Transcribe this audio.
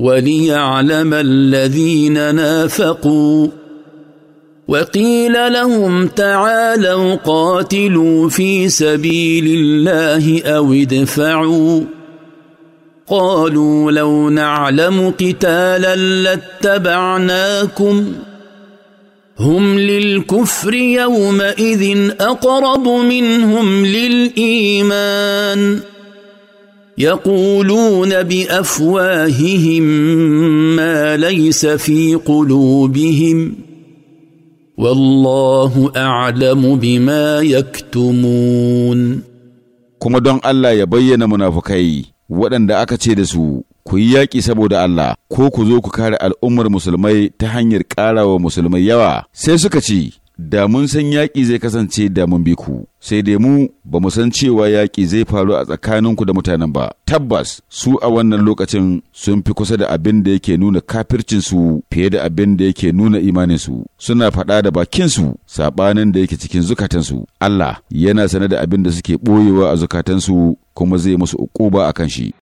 وليعلم الذين نافقوا وقيل لهم تعالوا قاتلوا في سبيل الله او ادفعوا قالوا لو نعلم قتالا لاتبعناكم هم للكفر يومئذ اقرب منهم للايمان يقولون بافواههم ما ليس في قلوبهم والله اعلم بما يكتمون kuma don Allah ya bayyana munafukai waɗanda aka ce da su ku yi yaƙi saboda Allah ko ku zo ku kare al'ummar musulmai ta hanyar ƙarawa musulmai yawa sai suka ce da mun san yaƙi zai kasance da mun bi ku, sai dai mu ba mu san cewa yaƙi zai faru a tsakaninku da mutanen ba. Tabbas su a wannan lokacin sun fi kusa da abin da yake nuna kafircinsu fiye da abin da yake nuna imaninsu, suna faɗa da bakinsu saɓanin da yake cikin zukatansu. Allah yana sane da abin da suke ɓoyewa a zukatansu kuma zai musu uquba a kan shi.